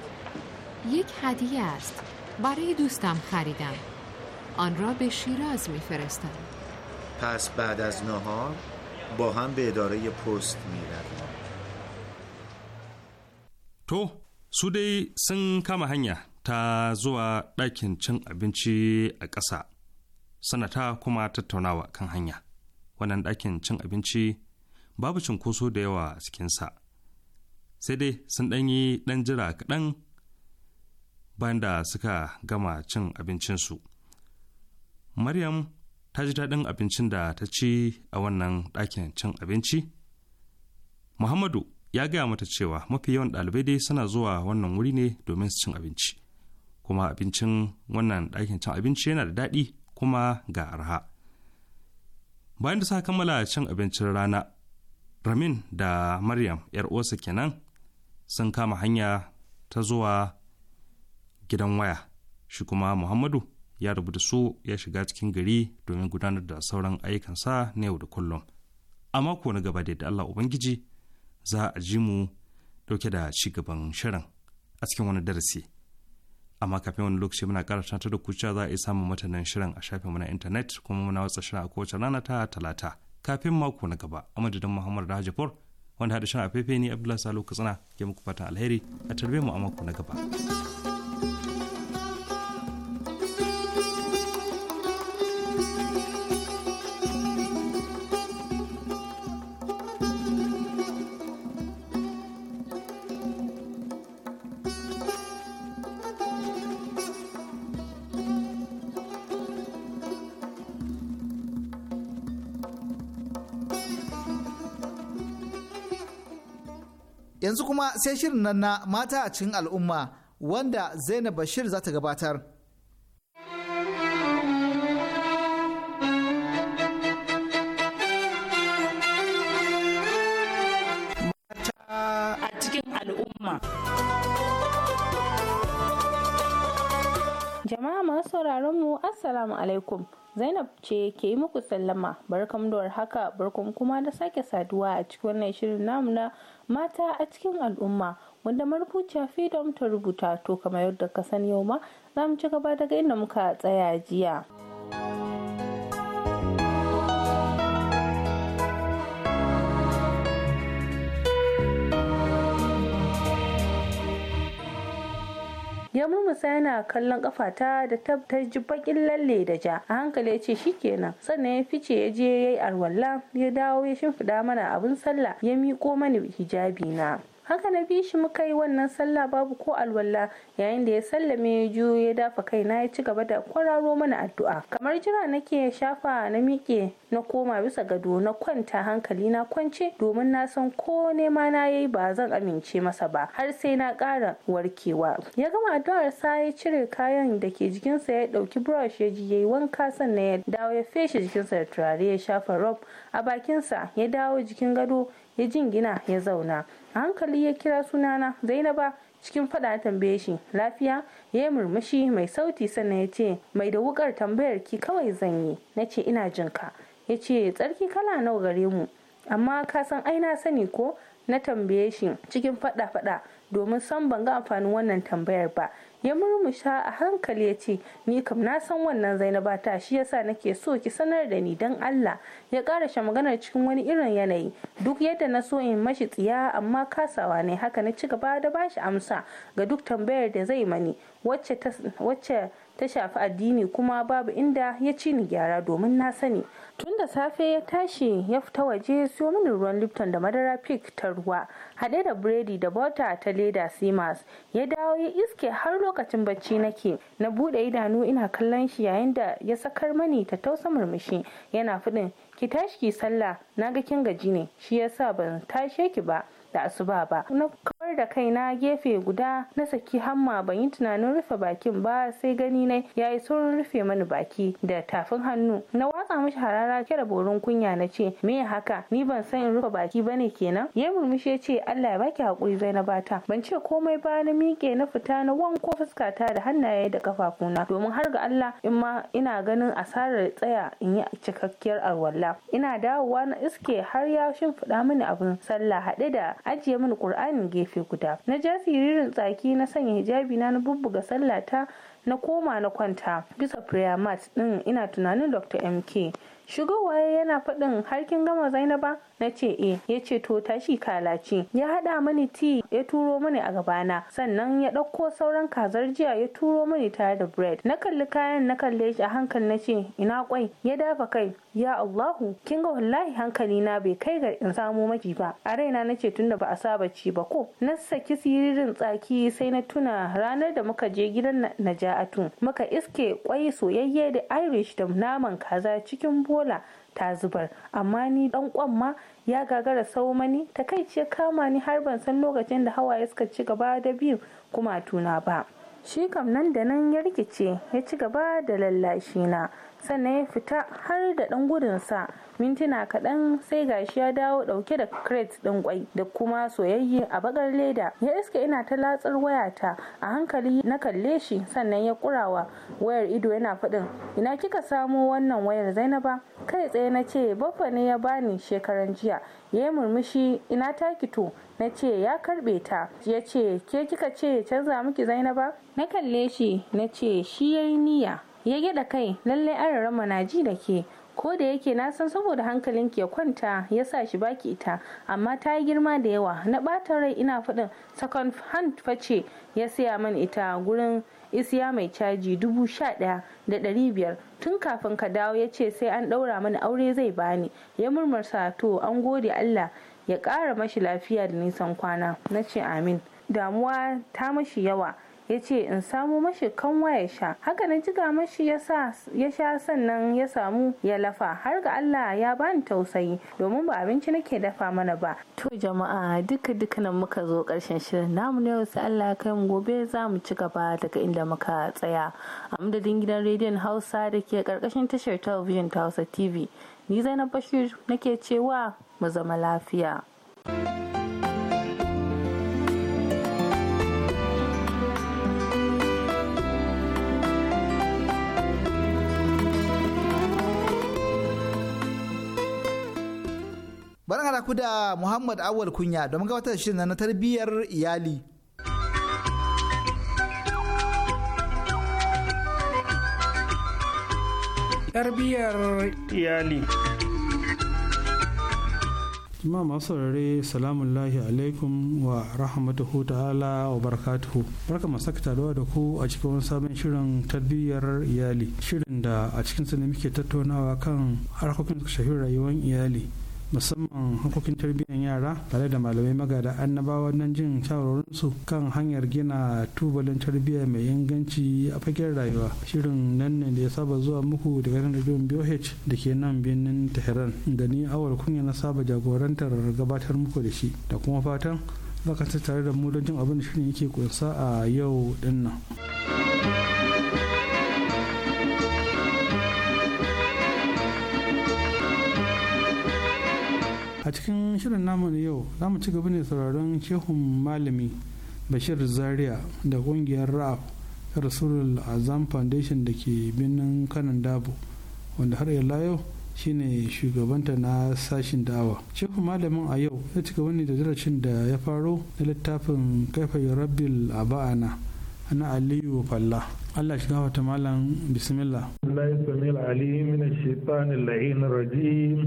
یک هدیه است برای دوستم خریدم آن را به شیراز میفرستم پس بعد از نهار با هم به اداره پست می رویم تو سودی سن کم هنیه ta zuwa ɗakin cin abinci a ƙasa sana ta kuma tattaunawa kan hanya wannan ɗakin cin abinci babu cinkoso da yawa a cikinsa sai dai sun ɗan yi ɗan jira kaɗan bayan da suka gama cin abincinsu maryam ta ji daɗin abincin da ta ci a wannan ɗakin cin abinci muhammadu ya gaya mata cewa mafi yawan ɗalibai dai suna zuwa wannan wuri ne domin su cin abinci kuma abincin wannan ɗakin cin abinci yana da daɗi kuma ga arha bayan da suka kammala cin abincin rana ramin da maryam yar uwarsa kenan sun kama hanya ta zuwa gidan waya shi kuma muhammadu ya rubuta su ya shiga cikin gari domin gudanar da sauran ayyukansa na yau da kullum a mako na gaba da allah ubangiji za a ji mu ɗauke da shirin a cikin wani darasi amma kafin wani lokaci muna kara tantar da ku za a iya samun matanin shirin a shafinmu na intanet kuma muna watsa shirin a kowace rana ta talata kafin mako na gaba a madadin muhammad da hajifor wanda haɗa shirin a faifai ne abdullahi salo katsina ke muku fatan alheri a tarbe mu a mako na gaba. kuma sai shirin nan na mata a cikin al'umma wanda Zainab Bashir za ta gabatar. a Jama'a masu sauraron mu Assalamu alaikum. Zainab ce ke yi muku sallama barkam da haka barkam kuma da sake saduwa a cikin wannan shirin namu mata a cikin al'umma wanda marubuciya freedom ta rubuta to kamar yadda ka sani yau ma za mu ci gaba daga inda muka tsaya jiya. ya murmusa yana kallon kafata da ta ji bakin lalle da ja a hankali ya ce kenan sannan ya fice ya je ya yi alwala ya dawo ya shimfiɗa mana abin sallah ya miko mani hijabi na haka na bi shi muka yi wannan sallah babu ko alwala yayin da ya sallame ya juyo ya dafa kai na ya ci gaba da kwararo mana addu'a kamar jira nake shafa na miƙe na koma bisa gado na kwanta hankali na kwance domin na san ko nema na yayi ba zan amince masa ba har sai na ƙara warkewa ya gama addu'ar sa ya cire kayan da ke jikinsa ya ɗauki brush ya ji yayi wanka sannan ya dawo ya feshe jikinsa da turare ya shafa rob a bakinsa ya dawo jikin gado ya jingina ya zauna a hankali ya kira sunana zainaba cikin fada tambaye shi lafiya ya yi murmushi mai sauti sannan ya ce mai da wukar tambayar ki kawai zan yi na ce ina jinka ya ce tsarki kala nawa gare mu amma ka san aina sani ko na tambaye shi cikin fada fada domin san ban ga amfanin wannan tambayar ba ya murmusha a hankali ya ce ni kam na san wannan zainaba ta shi yasa nake so ki sanar da ni don allah ya karashe maganar cikin wani irin yanayi duk yadda na so in mashi tsiya amma kasawa ne haka na ci gaba da bashi amsa ga duk tambayar da zai mani wacce ta shafi addini kuma babu inda ya ci ni gyara domin na sani tun da safe ya tashi ya fita waje siyo mini ruwan lipton da madara pik ta ruwa haɗe da biredi da bota ta leda simas ya dawo ya iske har lokacin bacci nake na buɗe idanu ina kallon shi yayin da ya sakar mani ta tausa murmushi yana fudin ki tashi ki sallah na ga kin gaji ne shi yasa ban tashe ki ba da asuba ba kawar da kai na gefe guda na saki hamma ban yi tunanin rufe bakin ba sai gani na yi saurin rufe mani baki da tafin hannu na watsa mishi harara kira borin kunya na ce me haka ni ban san in rufe baki ba ne kenan ya murmushi ya ce Allah ya baki hakuri bata. ban ce komai ba na miƙe na fita na wanko fuskata da hannaye da kafafuna domin har ga Allah in ma ina ganin asarar tsaya in yi cikakkiyar alwala ina dawowa na iske har ya shimfiɗa mini abin sallah haɗe da ajiye mini ƙur'anin gefe ƙarfe guda na ja siririn tsaki na sanya hijabi na na bubbuga sallata na koma na kwanta bisa prayer mat din ina tunanin dr mk shigowa yana faɗin harkin gama zainaba na ce e ya ce to tashi kalaci ya haɗa mani ti ya turo mani a gabana sannan ya ɗauko sauran kazar jiya ya turo mani tare da bread na kalli kayan na kalle shi a hankali na ce ina kwai ya dafa kai ya Allahu kin ga wallahi hankali na bai kai ga in samo maji ba a raina na ce tunda ba a saba ci ba ko na saki siririn tsaki sai na tuna ranar da muka je gidan Naja'atu muka iske kwai soyayye da Irish da naman kaza cikin bola ta zubar amma ni dan kwan ma ya gagara sau mani kai ya kama ni har ban san lokacin da hawaye suka ci gaba da biyu kuma tuna ba shi kam nan da nan ya rikice ya ci gaba da lallashi na sannan ya fita har da ɗan gudunsa mintuna kaɗan sai gashi ya dawo ɗauke da crate ɗin kwai da kuma soyayye a bakar leda ya iska ina ta latsar wayata a hankali na kalle shi sannan ya kurawa wayar ido yana faɗin ina kika samo wannan wayar zainaba kai tsaye na ce baffa ne ya bani shekaran jiya ya yi murmushi ina ta kito na ce ya karɓe ta ya ce ke kika ce canza miki zainaba na kalle shi na ce shi ya yi niyya ya gida kai lallai ararama na ji da ke ko da yake na san saboda hankalin ke kwanta ya sa shi baki ita amma ta yi girma da yawa na ɓata rai ina faɗin second hand face ya siya man ita gurin isiya mai caji dubu sha ɗaya da ɗari biyar tun kafin ka dawo ya ce sai an ɗaura mana aure zai bani ya murmursa to an gode allah ya ƙara mashi lafiya da nisan kwana na ce amin damuwa ta mashi yawa ya ce in samu mashi kanwa ya sha haka na jiga mashi ya sha sannan ya samu ya lafa har ga Allah ya bani tausayi domin ba abinci nake dafa mana ba to jama'a duka duka nan muka zo karshen shirin namu na yau sai Allah kai mu gobe za mu ci gaba daga inda muka tsaya a madadin gidan rediyon Hausa da ke karkashin tashar television ta Hausa TV ni Zainab Bashir nake cewa mu zama lafiya. thank you bari haɗa ku da Muhammad Awal Kunya domin gabatar da shirin na tarbiyyar iyali. Tarbiyyar iyali. Jima masu saurare salamun lahi alaikum wa rahmatuhu ta'ala wa barakatuhu. Barka masu taruwa da ku a cikin wani sabon shirin tarbiyyar iyali. Shirin da a cikin ne muke tattaunawa kan harkokin shafi rayuwar iyali. musamman hukukin tarbiyyar yara tare da malamai magada annabawa nan jin su kan hanyar gina tubalin tarbiyya mai inganci a fagen rayuwa shirin nan ne da ya saba zuwa muku daga nan rediyon BOH da ke nan birnin Tehran da ni awal kunya na saba jagorantar gabatar muku da shi da kuma fatan za ka tare da mu don jin abin da shirin yake kunsa a yau dinnan. a cikin shirin namu na yau za mu ci gaba ne sauraron shehun malami bashir zaria da kungiyar ra'af rasulul azam foundation da ke birnin kanan dabo wanda har yalla yau shine shugabanta na sashin da'awa shehun malamin a yau ya ci gaba ne da darasin da ya faro na littafin kaifa rabbil abana أنا علي وفلا الله شكاوة مالا بسم الله الله السميع العلي من الشيطان اللعين الرجيم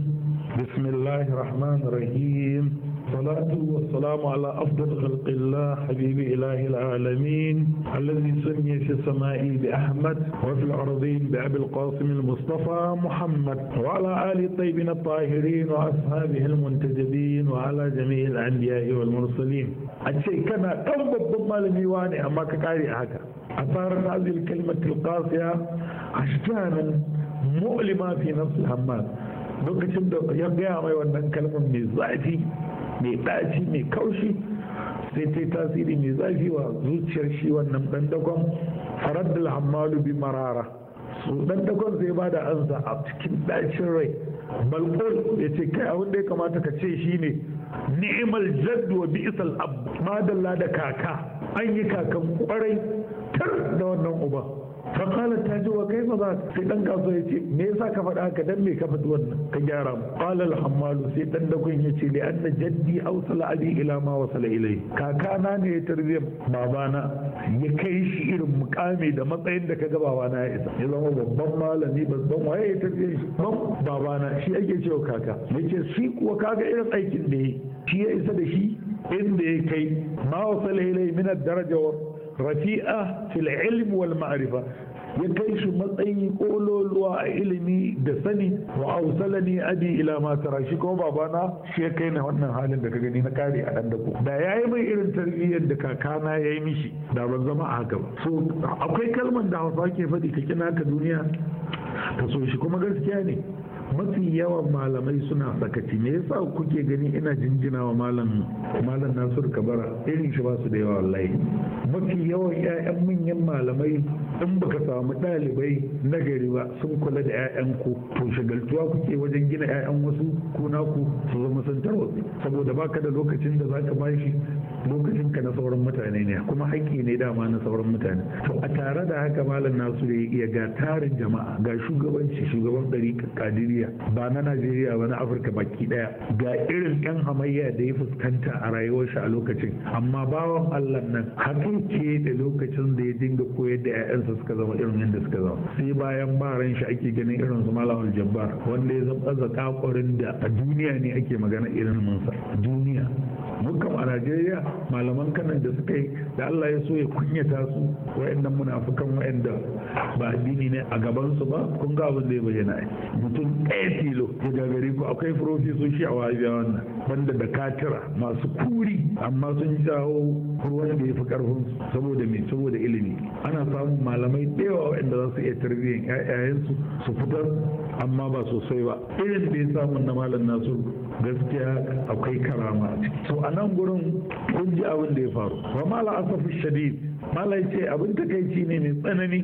بسم الله الرحمن الرحيم الصلاة والسلام على أفضل خلق الله حبيب إله العالمين الذي سمي في السماء بأحمد وفي الأرضين بأبي القاسم المصطفى محمد وعلى آل الطيبين الطاهرين وأصحابه المنتجبين وعلى جميع الأنبياء والمرسلين a ce kana ɗan babban malami wa ne amma ka kare a haka a tsarin azil kalmatul qasiya ashtanan mu'lima fi na hammal lokacin da ya gaya mai wannan kalmar mai zafi mai ɗaci mai kaushi sai ta yi tasiri mai zafi wa zuciyar shi wannan dandakon farar da hammalu bi marara su dandakon zai ba da ansa a cikin ɗacin rai balkon ya ce kai abin da ya kamata ka ce shi ne ni'mal jaddu wa bi'sal ab madalla da kaka an yi kakan kwarai tar da wannan uban faqala ta ji wa kai sai dan kasuwa ya ce me yasa ka faɗa haka dan me ka faɗi wannan ka gyara mu qala al hammalu sai dan dakon ya ce li anda jaddi awsala abi ila ma wasala ilai kakana ne ya tarbiya babana ya kai shi irin mukami da matsayin da ka ga babana ya isa ya zama babban malami babban waye ya tarbiya shi babana shi ake cewa kaka yace shi kuwa kaga irin aikin da yi shi ya isa da shi inda ya kai ma wasala ilai min ad daraja rafi'a fil ilm wal ma'rifa ya kai shi matsayi kololuwa a ilimi da sani wa ausalani abi ila ma tara shi kuma babana shi ya kai na wannan halin da ka gani na kare a dan ku da yayi mai irin tarbiyyar da kakana yayi mishi da ban zama a haka ba so akwai kalmar da Hausa ke faɗi ka kina ka duniya Ka so shi kuma gaskiya ne mafi yawan malamai suna sakaci me yasa kuke gani ina jinjina wa malam malam Nasiru Kabara irin shi ba su da yawa wallahi mafi yawan 'ya'yan manyan malamai in baka samu ɗalibai na gari ba sun kula da 'ya'yanku to shagaltuwa kuke wajen gina 'ya'yan wasu ko naku su zama sun tarwatsi saboda baka da lokacin da zaka bashi lokacin ka na sauran mutane ne kuma haƙƙi ne dama na sauran mutane to a tare da haka malam nasu ya ga tarin jama'a ga shugabanci shugaban ɗari kadiriya ba na najeriya ba na afirka baki ɗaya ga irin 'yan hamayya da ya fuskanta a rayuwar shi a lokacin amma bawan allah nan haƙƙi ke da lokacin da ya dinga koyar da 'ya'yansa su suka zama irin yadda suka zama sai bayan ba shi ake ganin irin su malam jabbar wanda ya zama zakakurin da a duniya ne ake magana irin munsa duniya mukan a najeriya malaman kanan da suka yi da allah ya so ya kunyata su wa'annan munafukan wa'anda ba addini ne a gaban su ba kun ga abin da ya bayyana mutum ɗaya tilo ya gagari ku akwai shi a wajen wannan banda da katira masu kuri amma sun jawo ruwan da ya fi karfin saboda me saboda ilimi ana samun malamai da yawa waɗanda za su iya tarbiyyar ƴaƴayensu su fitar amma ba sosai ba irin da ya samu na malam nasu gaskiya akwai karama a nan gurin kun ji abin da ya faru wa mala asafu shadid mala yace abin takeici ne mai tsanani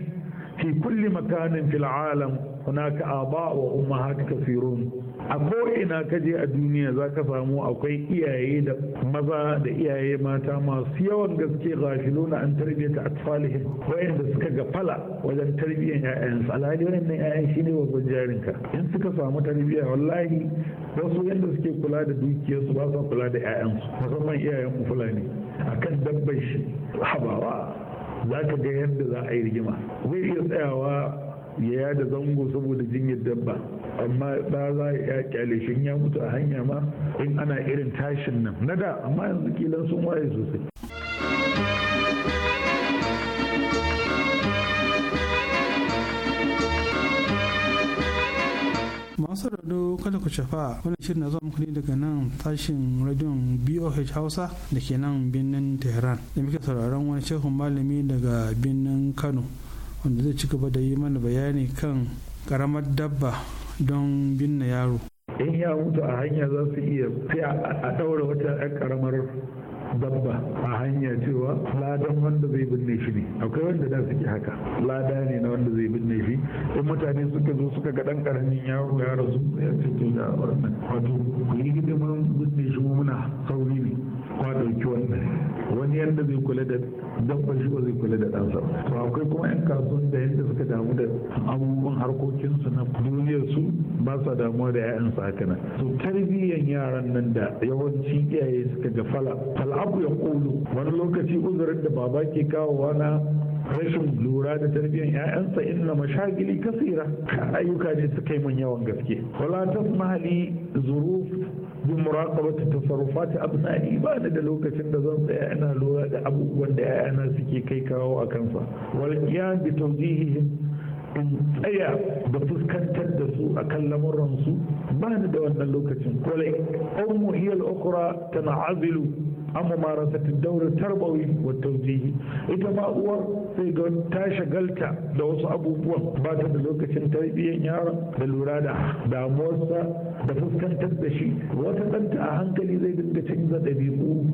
fi kulli makanin fil alam hunaka aba wa ummahat kasirun a ko'ina ka je a duniya za ka samu akwai iyaye da maza da iyaye mata masu yawan gaske na an tarbiyyata atfalihim wayanda suka ga fala wajen tarbiyyar 'ya'yansu alhali wayannan 'ya'yan shi ne wajen jarinka in suka samu tarbiyya wallahi wasu yadda suke kula da dukiyarsu ba sa kula da 'ya'yansu musamman iyayen mu fulani akan dabbar shi habawa za ka ga yadda za a yi rigima zai iya tsayawa ya yada zango saboda jinyar dabba amma ba za ya kyale shi ya mutu a hanya ma in ana irin tashin nan na da amma yanzu kilan sun waye sosai masu rado kada ku shafa wani shirin na muku daga nan tashin radion boh hausa da ke nan birnin tehran da muke sauraron wani shehun malami daga birnin kano wanda zai ci gaba da yi mana bayani kan karamar dabba don binne yaro in ya mutu a hanya za su iya sai a ɗaura wata yan karamar dabba a hanya cewa ladan wanda zai binne shi ne akwai wanda da suke haka lada ne na wanda zai binne shi in mutane suka zo suka ga dan karamin yaro ya rasu ya ce to da wannan wato ku yi hidiman binne shi muna sauri ne kwa ɗauki wannan wani yadda zai kula da shi ba zai kula da ɗansa to akwai kuma yan kasuwan da yadda suka damu da abubuwan harkokinsu na duniyar su ba sa damuwa da su haka nan to tarbiyyan yaran nan da yawanci iyaye suka ga fal'abu ya kulu wani lokaci uzurin da baba ke kawowa na rashin lura da tarbiyyan 'ya'yansa inna mashagili kasira ayyuka ne suka yi mun yawan gaske wala tasmali zuruf yin ta tasarrufat abnai ba da lokacin da zan tsaya ina lura da abubuwan da yayana suke kai kawo a kansa wal qiyam bi tawjihihim in tsaya da fuskantar da su a kan su. ba ni da wannan lokacin kwale an muhiyar okura ta na'azilu an marasa ta daura tarbawi wa taujihi ita ma uwar sai ga ta shagalta da wasu abubuwan ba ta da lokacin tarbiyyar yaron da lura da damuwarsa da fuskantar da shi wata ɗanta a hankali zai dinga canza ɗabi'u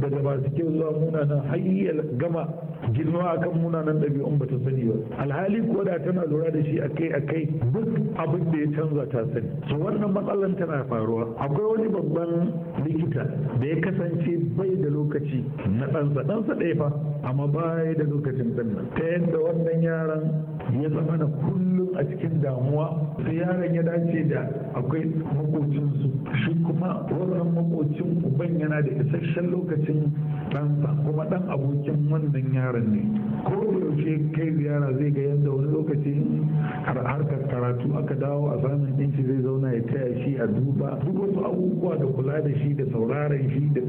daga masu kyau zuwa munanan hayyar gama girma akan munanan ɗabi'un ba ta sani ba alhali ko da tana lura da shi akai akai duk abin da ya canza ta sani su wannan matsalar tana faruwa akwai wani babban likita da ya kasance bai da lokaci na ɗansa ɗansa ɗaya fa amma bai da lokacin ɗan ta yadda wannan yaran ya zama na kullum a cikin damuwa sai yaron ya dace da akwai makocinsu shi kuma wannan makocin uban yana da isasshen lokacin ɗansa kuma ɗan abokin wannan yaron ne ko da yaushe kai ziyara zai ga yadda wani lokaci harkar karatu aka dawo a samun ɗinki zai zauna ya taya shi a duba duk wasu abubuwa da kula da shi da sauraron shi da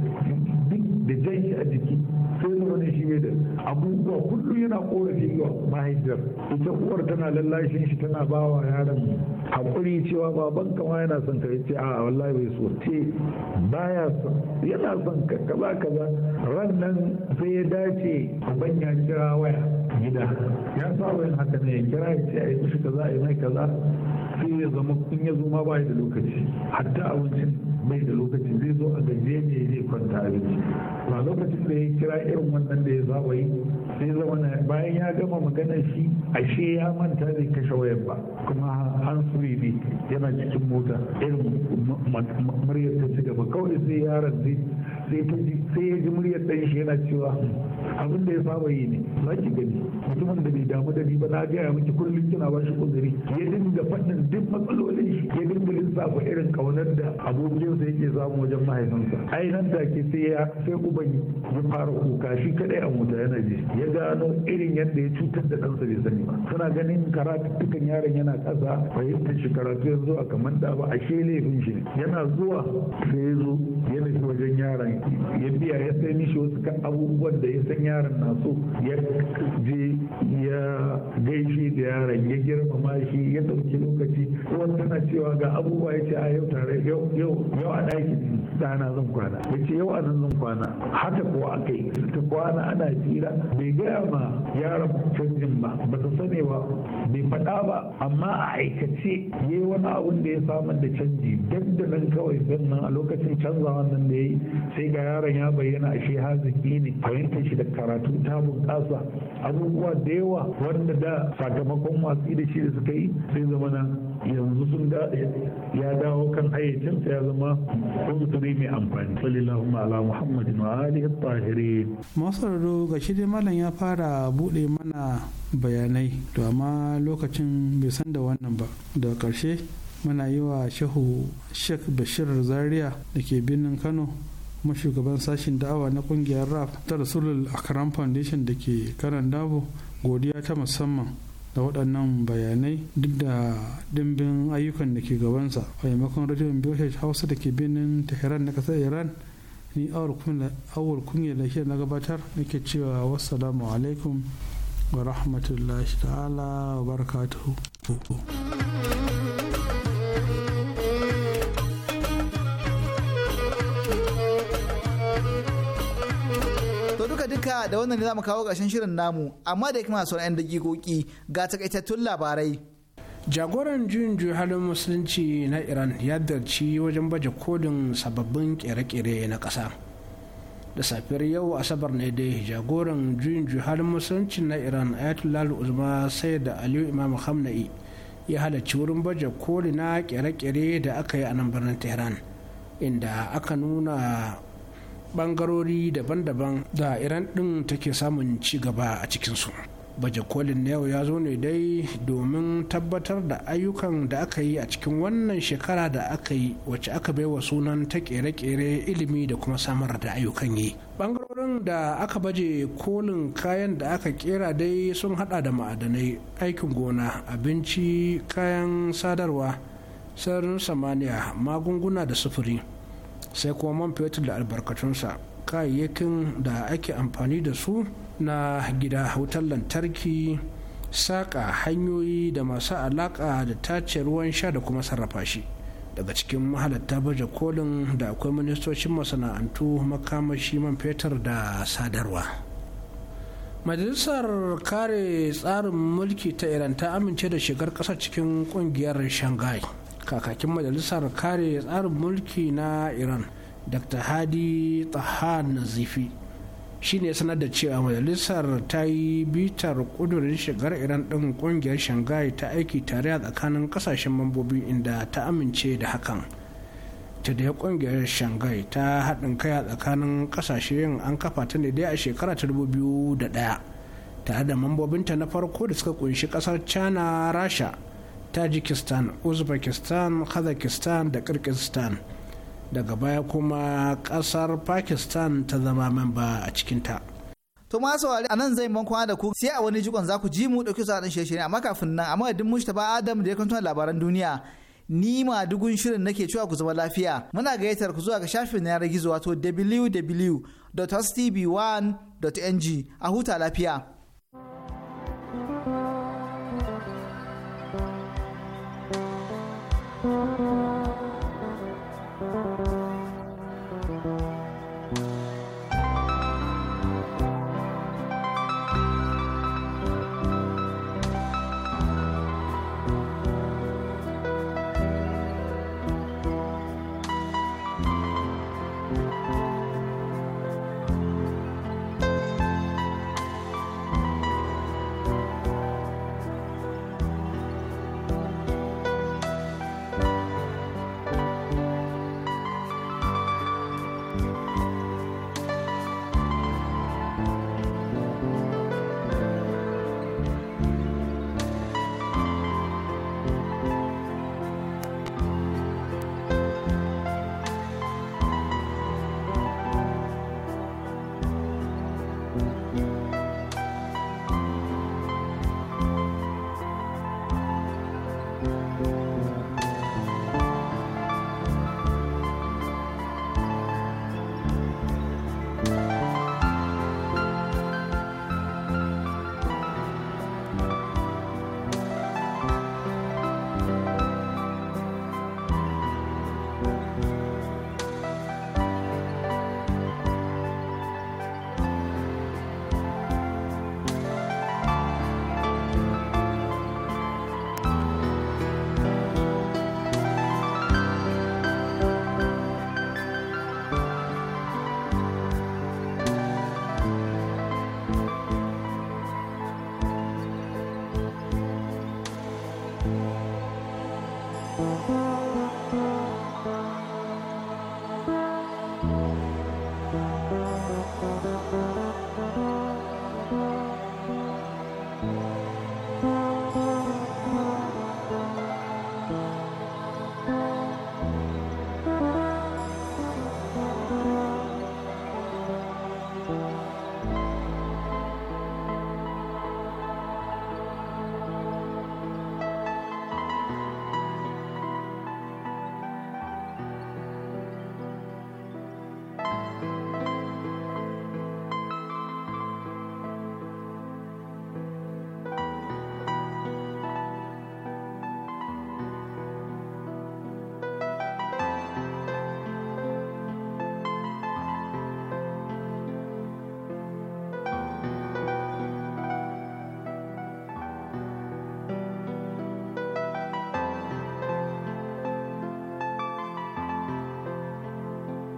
da jan shi a jiki sai zama da shi bai da abubuwa kullum yana korafi ga mahaifiyar ita uwar tana lallashin shi tana bawa yaron haƙuri cewa baban kama yana son son ya ce a wallahi bai so te baya yana son ka kaza kaza ran nan sai ya dace ban ya kira waya gida ya saba yin haka ne ya kira ya ce a yi mishi kaza a yi mai kaza sai ya zama in ya zo ma ba da lokaci hatta abincin bai da lokaci zai zo ta abinci ba lokacin da ya kira irin wannan da ya zaɓa yi sai zama na bayan ya gama magana shi ashe ya manta zai kashe wayar ba kuma an suri ne yana cikin mota irin muryar ta ci gaba kawai sai yaron sai ya ji muryar ɗan shi yana cewa abin da ya saba yi ne za ki gani mutumin da bai damu da ni ba na gaya miki kullum kina ba shi kuzuri ya dinga faɗin duk matsalolin shi ya dinga lissafa irin kaunar da abokinsa yake samu wajen mahaifinsa ai nan take sai ya sai uban ya fara kuka shi kadai a mota yana je ya gano irin yadda ya cutar da ɗansa bai sani ba suna ganin karatuttukan yaron yana ƙasa fahimtar shi karatu ya zuwa kamar da ba ashe laifin shi yana zuwa sai ya zo ya nufi wajen yaron ya biya ya sai mishi wasu abubuwan da ya sai desenhar na sua de ya gaishe da yaron ya girmama shi ya ɗauki lokaci kuma tana cewa ga abubuwa ya ce a yau tare yau yau a ɗakin dana zan kwana ya ce yau a nan zan kwana haka kuwa aka yi ta kwana ana tsira bai gaya ma yaron canjin ba ba ta sani ba bai faɗa ba amma a aikace ya yi wani abun da ya samar da canji nan kawai nan a lokacin canzawa nan da ya yi sai ga yaron ya bayyana a shi haziki ne fahimtar shi da karatu ta bunƙasa abubuwa da yawa wanda da sakamakon watsi da shi da suka yi sai zama na yanzu sun da ya dawo kan ayyacinsa ya zama uzuri mai amfani sallallahu ala muhammadin wa alihi masu masararo ga shi dai malam ya fara bude mana bayanai to amma lokacin bai san da wannan ba daga karshe muna yi wa shehu sheikh bashir zaria da ke birnin kano mashugaban sashen da'awa na kungiyar raf ta rasulul akram foundation da ke karan dabo godiya ta musamman da waɗannan bayanai duk da dimbin ayyukan da ke gabansa a yamakon rajin hausa da ke birnin tehran na ƙasar iran ni awar kunya da ke na gabatar nake cewa wassalamu alaikum wa rahmatullahi ta'ala wa barakatuhu haka da wannan ne za mu kawo ƙarshen shirin namu amma da kuma sauran 'yan dakikoki ga takaitattun labarai. jagoran juyin halin musulunci na iran ya darci wajen baje kodin sababbin kere-kere na ƙasa da safiyar yau asabar ne dai jagoran juyin halin musulunci na iran ayatollah uzma sai da aliyu imam hamna'i ya halarci wurin baje koli na kere-kere da aka yi a nan birnin tehran inda aka nuna bangarori daban-daban da iran ɗin take samun ci gaba a cikinsu baje kolin na yau ya zo ne dai domin tabbatar da ayyukan da aka yi a cikin wannan shekara da aka yi wacce aka bai wa sunan ta kere-kere ilimi da kuma samar da ayyukan yi bangarorin da aka baje kolin kayan da aka kera dai sun hada da ma'adanai aikin gona abinci kayan sadarwa sararin samaniya magunguna da sufuri sai kuma man fetur da albarkatunsa kayayyakin da ake amfani da su na gida wutar lantarki saƙa hanyoyi da masu alaƙa da tace ruwan sha da kuma sarrafa shi daga cikin mahalatta baje kolin da akwai ministocin masana'antu makamashi man fetur da sadarwa majalisar kare tsarin mulki ta iran ta amince da shigar ƙasa cikin ƙungiyar shanghai kakakin majalisar kare tsarin mulki na iran dr hadi tahan nazifi shi shine sanar da cewa majalisar ta yi bitar kudurin shigar iran din ƙungiyar shanghai ta aiki tare a tsakanin ƙasashen mambobi inda ta amince da hakan ta da ƙungiyar shanghai ta haɗin kai a tsakanin ƙasashen an kafa ta ne dai a shekara ta ɗaya tare da mambobinta na farko da suka kunshi ƙasar china rasha tajikistan uzbekistan kazakistan da kirkistan daga baya kuma kasar pakistan ta zama memba a cikinta to ma saurari a nan zai ban kwana da ku sai a wani jikon za ku ji mu dauki sa dan shirye amma kafin nan amma mu mustapha adam da ya kanta labaran duniya ni ma dugun shirin nake cewa ku zama lafiya muna gayyatar ku zuwa ga shafin na yanar gizo wato www.hostv1.ng a huta lafiya